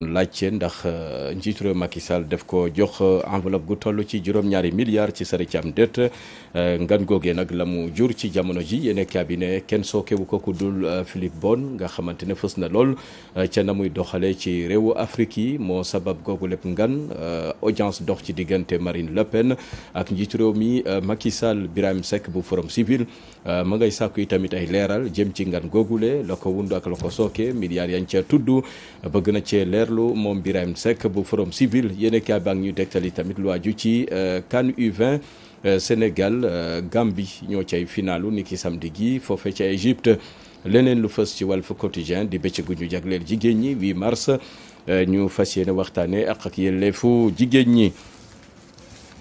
laaj laajte ndax euh, njiitu réew Macky Sall def ko jox euh, enveloppe gu toll ci juróom-ñaari milliards ci sari cam det euh, ngan googee nag la mu jur ci jamono ji yene cabinet kenn sookewu ko ku dul Philippe Bon nga xamante ne fës na lool ca na muy doxalee ci réewu Afrique yi moo sabab googu lépp ngan audience dox ci diggante Marine Le Pen ak njiitu réew mi Macky Sall Birahim Seck bu Forum Civil ma ngay sàkku yi tamit ay leeral jëm ci ngan googule la ko wundu ak la ko sooke milliards yañ ca tudd bëgg na cee leer seetlu moom Birahim Seck bu Forum Civil yéen kaay baa ngi ñu dégtali tamit lu aju ci euh, CAN U20 euh, Sénégal euh, Gambie ñoo cay finalu niki samedi gi foofe ca Égypte leneen lu fës ci wall Walf Quotidien di bëccëgu ñu jagleel jigéen ñi 8 mars ñu fas yéene waxtaanee ak ak yelleefu jigéen ñi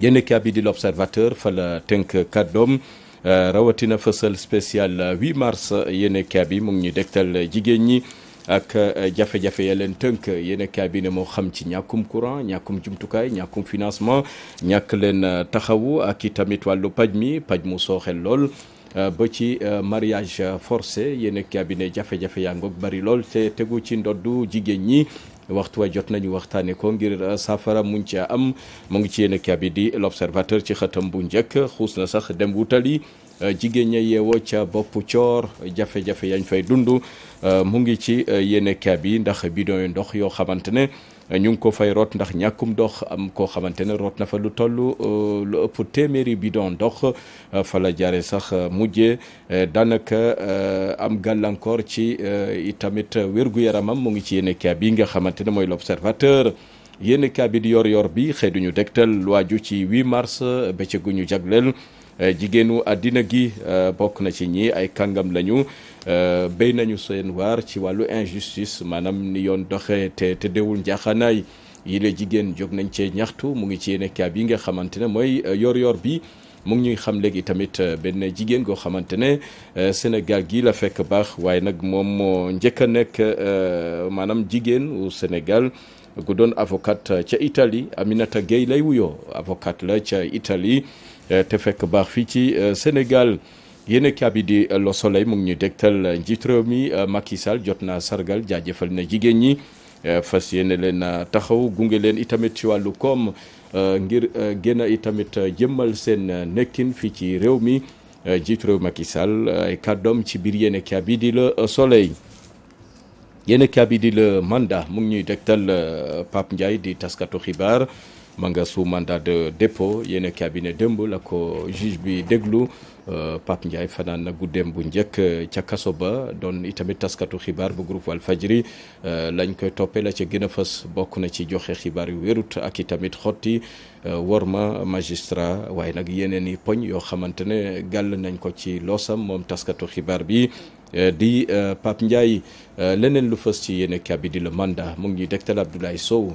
yéen kaay bi di l'Observateur fa la tënk kàddoom rawatina fësal spécial 8 mars yéen kaay bi mu ngi ñu jigéen ñi. ak euh, jafe-jafe ya leen tënk yéen kaay bi ne moo xam ci ñàkkum courant ñàkkum jumtukaay ñàkkum financement ñàkk leen euh, taxawu ak i tamit wàllu paj mi paj mu sooxe lool. Euh, ba ci mariage forcé yéen ak cabinet jafe-jafe yaa ngoog bari lool te tegu ci ndoddu jigéen ñi waxtu wa jot nañu waxtaanee ko ngir saafara mu ci am mu ngi ci yéen ak cabinet di l'observateur ci xëtam bu njëkk xuus na sax dem wutali Euh, jigéen ña yeewoo ca bopp coor jafe-jafe yañ fay dund euh, mu ngi ci euh, yenn kaab yi ndax bidon yu ndox yoo xamante ne ñu ngi ko fay root ndax ñàkkum ndox am koo xamante ne root na fa lu toll lu ëpp téeméeri bidon ndox fa la jaare sax mujje daanaka am gàllankoor ci itamit wér-gu-yaramam mu ngi ci yenn kaab yi nga xamante ne mooy l'observateur yenn kaab di yor yor bi xëy duñu degtal lu waaju ci 8 mars bëccëgu ñu jagleel Eh, jigéenu àddina gi eh, bokk na ci ñi ay kangam lañu eh, béy nañu seen waar ci wàllu injustice maanaam ni yoon doxee te te déwul njaaxaanaay yi la jigéen jóg nañ cee ñaxtu mu ngi ci yenn cas yi nga xamante ne mooy yor-yor bi. mu ngi ñuy xam léegi tamit benn jigéen goo xamante ne Sénégal gii la fekk baax waaye nag moom moo njëkk a nekk maanaam jigéen u Sénégal gu doon avocate ca Italie Aminata Gueye lay wuyoo avocate la ca itali Eh, te fekk baax fii ci eh, Sénégal yéen kaabi di eh, Le Soleil mu ngi ñuy degtal njiit réew mi Macky Sall jot na sargal jaajëfal na jigéen ñi fas yéene leen taxaw gunge leen itamit ci wàllu koom ngir gën a itamit jëmmal seen nekkin fii ci réew mi njiit réew Macky Sall ay kàddoom ci biir yéen kaabi di Le Soleil yenn kaabi di Le Mandat mu ngi ñuy dégtal Pape Ndiaye di taskatu xibaar. ma nga sous mandat de dépôt yéen cabinet démb la ko juge bi déglu euh, Pape Ndiaye fanaan na guddeem bu njëkk euh, ca kaso ba doon itamit taskatu xibaar bu groupe Walfadjri euh, lañ koy toppee la ca gën a fës bokk na ci joxe xibaar yu wérut ak itamit xotti worma magistrat waaye nag yeneen i poñ yoo xamante ne gàll nañ ko ci loosam moom taskatu xibaar bi. Eh, di eh, Pape Ndiaye eh, leneen lu fës ci yéen kabi di le mandat mu ngi ñuy dégtal Abdoulaye Sow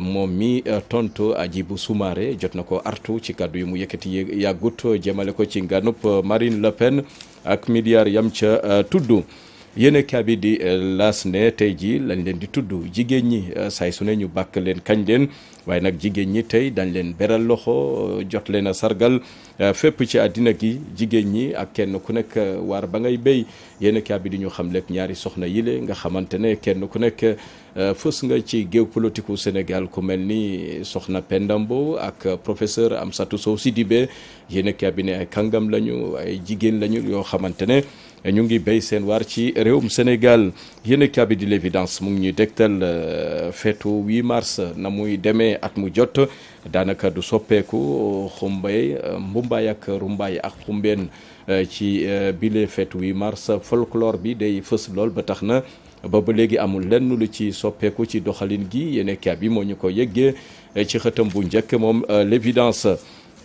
moom mi tontu Hadjibou Soumaré jot na ko artu ci kàddu yi mu yëkkati yàggut jëmale ko ci nganup Marine Le Pen ak milliard yam ca tudd. yéen a bi di euh, las ne tey jii lañ leen di tudd jigéen ñi euh, saay su ne ñu bàkk leen kañ leen waaye nag jigéen ñi tey dañ leen beral loxo euh, jot leen a sargal fépp ci àddina gi jigéen ñi ak kenn ku nekk waar ba ngay béy yéen a bi di ñu xam lekk ñaari soxna yile nga xamante ne kenn ku nekk fës nga ci géopolitique u Sénégal ku mel ni soxna Penda Mbow ak professeur satu Sow Sidibé yéen a bi ne ay kàngam lañu ay jigéen lañu yoo xamante ne. ñu ngi béy seen waar ci réewum Sénégal yéen a kabi di l'évidence mu ngi ñuy dégtal euh, feetu 8 mars na muy demee ak mu jot daanaka du soppeeku xumbay mbumbaay ak rumbaay ak xumbeen euh, ci euh, bile feetu 8 mars folklore bi day fës lool ba tax na ba ba léegi amul lenn lu ci soppeeku ci doxalin gi yéen a moo ñu ko yëggee ci xëtam bu njëkk moom l'évidence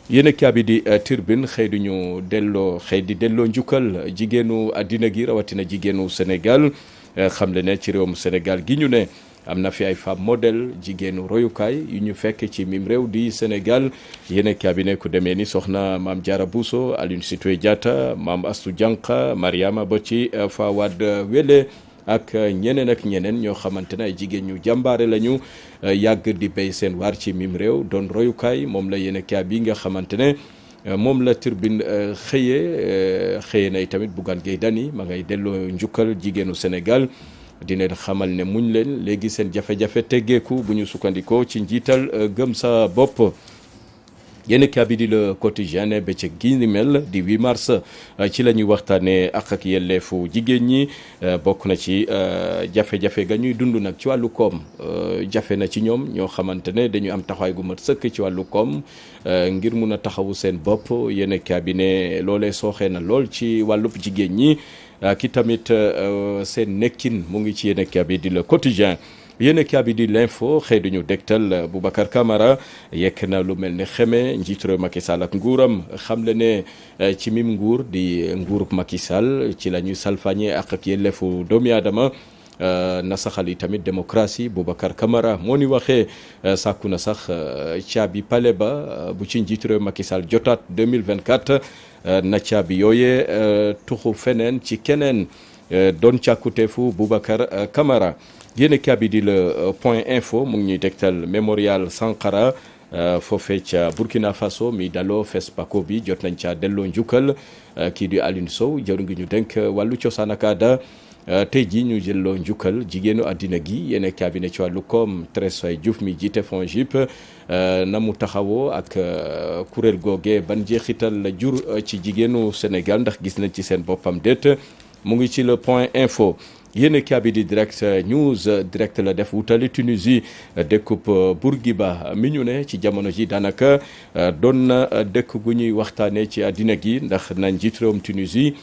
yéen a bi di euh, Tribune xëy du ñu delloo xëy di delloo njukkal jigéenu àddina gi rawatina jigéenu Sénégal euh, xamle ne ci réew mu Sénégal gi ñu ne am na fi ay femme modèle jigéenu royukaay yu ñu fekk ci miim réew di Sénégal yéen a bi ne ku demee ni soxna maam Diarra Bousso Aline Sitoé Diatta maam Astou Diankha Mariama ba ci euh, Fawad Wele. ak euh, ñeneen ak ñeneen ñoo xamante ne ay jigéen ñu jàmbaare lañu euh, yàgg di béy seen waar ci miim réew doon royukaay moom la yéen a bi nga xamante ne. Euh, moom la turbine xëyee xëyee nay tamit Bougane Gueye Dany ma ngay delloo njukkal jigéenu senegal dina xamal ne muñ leen léegi seen jafe-jafe teggeeku bu ñu sukkandikoo ci njiital gëm sa bopp. yenn a bi di le quotidien bëccëg gi ni mel di 8 mars euh, ci la ñuy waxtaanee ak ak yelleefu jigéen ñi euh, bokk na ci euh, jafe-jafe ga ñuy dund nag ci wàllu koom jafe na ci ñoom ñoo xamante ne dañu am taxawaay gu mat sëkk ci wàllu koom ngir mun a taxawu seen bopp yéen a bi ne loolee sooxee na lool ci wàllu jigéen ñi ki tamit seen nekkin mu ngi ci yenn a bi di le quotidien. yéenekaay bi di l'info xëy duñu dégtal euh, Boubacar kamara yekk na lu mel ni xeme njiitu réew Sall ak nguuram xam le ne euh, ci mim nguur di euh, nguurub Macky Sall ci lañuy ñuy salfañee ak ak yelleefu doomi aadama nasaxal yi tamit démocratie Boubacar Camara moo ni waxee sàkku na sax caabi pale ba bu ci njiitu réew Macky Sall jotaat 2024 na caabi yooyee tuxu feneen ci keneen Euh, doon càkkuteefu Boubacar euh, Camara yéen a bi euh, point info mu ngi ñuy tegtal mémorial Sankara foofee ca Burkina Faso mi daloo FESPACO bi jot nañ ca delloo njukkal kii di Alioune Sow jëru ngi ñu denk wàllu cosaan ak aada tey jii ñu jëlloo njukkal jigéenu àddina gi yéen ak ne ci wàllu koom Tresoy Diouf mi jiite FONGIP na mu taxawoo ak kuréel googe ban jeexital la jur ci jigéenu Sénégal ndax gis nañ ci seen boppam déet. mu ngi ci le point info yéen a bi di direct euh, news euh, direct la def wutali Tunisie euh, dëkkub ba mi ñu ne ci jamono ji daanaka doon na dëkk gu ñuy waxtaanee ci àddina gi ndax na njiit réewum Tunisie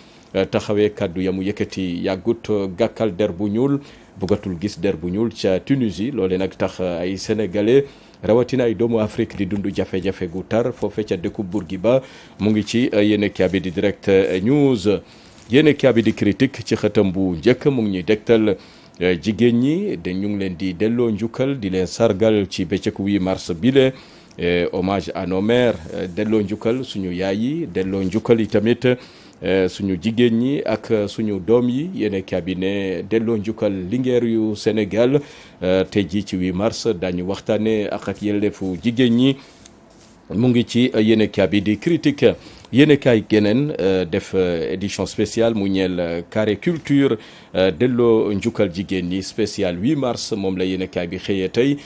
taxawee kàddu yamu mu yëkkati yàggut gàkkal der bu ñuul bëggatul gis der bu ñuul ca Tunisie loole nag tax ay sénégalais. rawatina ay doomu Afrique di dund jafe-jafe gu tar foofe ca dëkkub ba mu ngi ci yenn a bi di direct news. yéen kaabi di critique ci xëtam bu njëkk mu ngi ñuy dégtal eh, jigéen ñi de ñu ngi leen di delloo njukkal di leen sargal ci bëccëg 8 mars bile eh, hommage à nos eh, delloo njukkal suñu yaay yi delloo njukkal yi tamit suñu jigéen ñi ak suñu doom yi yéen kaabi ne delloo njukkal lingeer yu Sénégal te jii ci 8 mars daañu waxtaanee ak ak yelleefu jigéen ñi mu ngi ci yéen kaabi di critique yéen kaay geneen euh, def euh, édition spéciale mu ñeel euh, carré culture delloo njukkal jigéen ñi spéciale 8 mars moom la yéen bi xëyee tey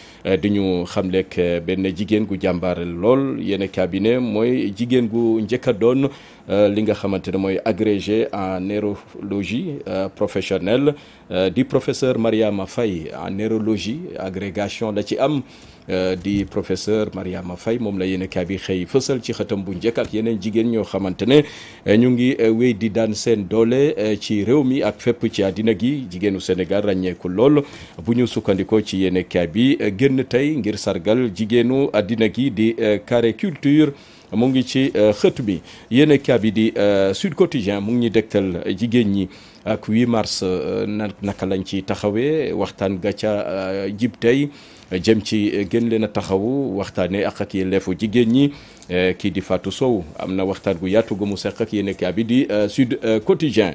di ñu xamleek benn jigéen gu jàmbaare lool yéen bi ne mooy jigéen gu njëkk a doon li nga xamante ne mooy agrégé en neurologie professionnelle di professeur Mariama fay en neurologie agrégation la ci am. Euh, di professeur Mariama fay moom la yéen a kaay bi xëy fësal ci xëtam bu njëkk ak yeneen jigéen ñoo xamante ne euh, ñu ngi euh, wéy di daan seen doole ci réew mi ak fépp ci àddina gi jigéenu Sénégal ràññeeku lool bu ñu sukkandikoo ci yéen a bi génn tey ngir sargal jigéenu àddina gi di carré culture. mu ngi ci xët bi yéen a bi di Sud Quotidien mu ngi ñu dégtal jigéen ñi ak 8 mars naka lañ ci taxawee waxtaan ga ca jib tey jëm ci gën leen a taxawu waxtaanee ak ak yelleefu jigéen ñi eh, kii di Fatou Sow am na waxtaan gu yaatu gu mu seq ak yéen bi di eh, Sud eh, Quotidien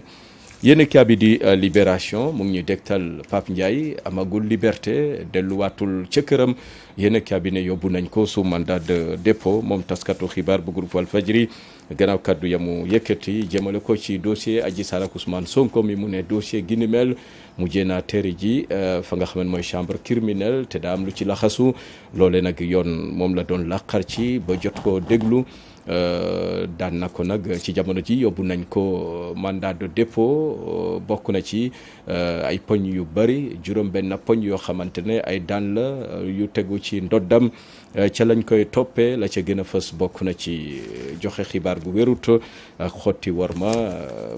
yéen a bi di Libération mu ñu ñuy dégtal Pape Ndiaye amagul liberté delluwaatul ca këram yéen a bi ne yóbbu nañ ko su mandat de dépôt moom taskatu xibaar bu groupe Walfadjri gannaaw kàddu yamu mu yëkkati jëmale ko ci dossier Adji Sarr ak Ousmane Sonko mi mu ne dossier gi ni mel mu jéena tëri ji euh, fa nga xam mooy chambre criminelle te daa am lu ci laxasu loole nag yoon moom la doon laqar ci ba jot koo déglu. Euh, daan na ko nag ci jamono ji yóbbu nañ ko euh, mandat de dépôt euh, bokk na ci ay poñ yu bëri juróom-benn poñ yoo xamante ne ay daan la yu tegu ci ndoddam ca lañ koy toppe la ca gën a fës bokk na ci joxe xibaar gu wérut ak xotti warma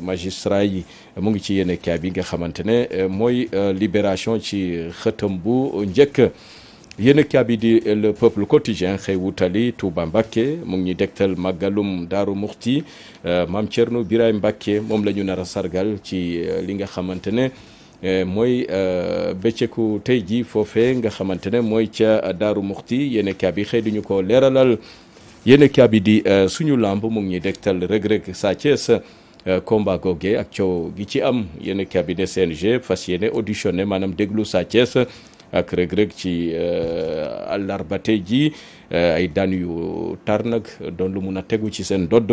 magistrat yi mu ngi ci yenn cas bi nga xamante ne mooy libération ci xëtam bu njëkk. yéen a kaabi di le peuple quotidien xëy wutali Touba Mbacke mu ngi ñuy degtal màggalum Daaru Muxti euh, maam Thierno Birahim Mbacke moom lañu nar a sargal ci euh, li nga xamante ne euh, mooy bëccëgu tey jii foofe nga xamante ne mooy ca Daaru Muxti yéen a kaabi xëy di ko leeralal yenn a kaabi di suñu lamb mu ngi ñuy degtal rëg-rëg Sa Thiès combat ak coow gi ci am yéen a kaabi ne CNG fas yéene auditionné maanaam déglu Sa Thiès ak rëg-rëg ci euh, àllarba tey jii euh, ay daan yu tar nag doon lu mun a tegu ci seen dodd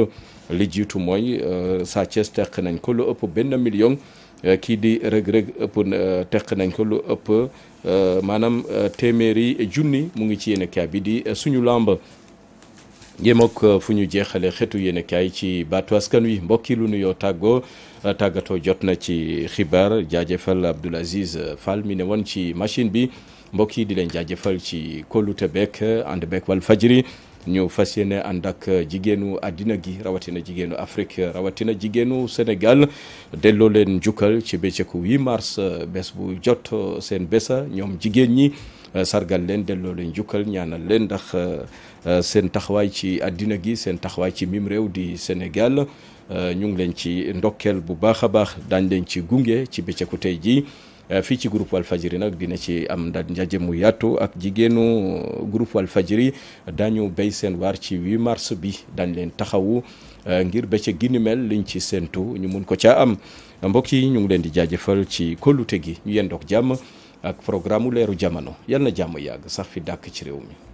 li jiitu mooy euh, Sa Thiès teq nañ ko lu ëpp benn million kii di rëg-rëg ëpp teq nañ ko lu ëpp maanaam téeméeri junni mu ngi ci yéen a bi di suñu làmb ngi ak euh, fu ñu jeexale xetu yéen kaay ci baatu askan wi mbokki lu nuyoo tàggoo euh, tàggatoo jot na ci xibaar jaajëfal Abdoul Aziz euh, Fall mi ne woon ci machine bi mbokk yi di leen jaajëfal ci kóllute beek ànd beek wal fajri ñu fas yéene ànd ak jigéenu àddina gi rawatina jigéenu Afrique rawatina jigéenu Sénégal delloo leen njukkal ci bëccëgu 8 mars bes bu jot seen bésa ñoom jigéen ñi. Euh, sargal leen delloo leen jukkal ñaanal leen ndax euh, euh, seen taxawaay ci àddina gi seen taxawaay ci mim réew di Sénégal ñu ngi leen ci ndokkeel bu baax a baax daañ leen ci gunge ci bëccëgu tey jii fii ci groupe fajiri nag dina ci am ndaje ndaje mu yaatu ak jigéenu groupe fajiri dañu béy seen waar ci 8 mars bi dañ leen taxawu ngir bëccëg gi ni mel liñ ci séentu ñu mun ko caa am mbokk yi ñu ngi leen di jaajëfal ci kolute gi ñu yendoog jàmm ak programme leeru jamono yal na jàmm yàgg sax fi dàkk ci réew mi.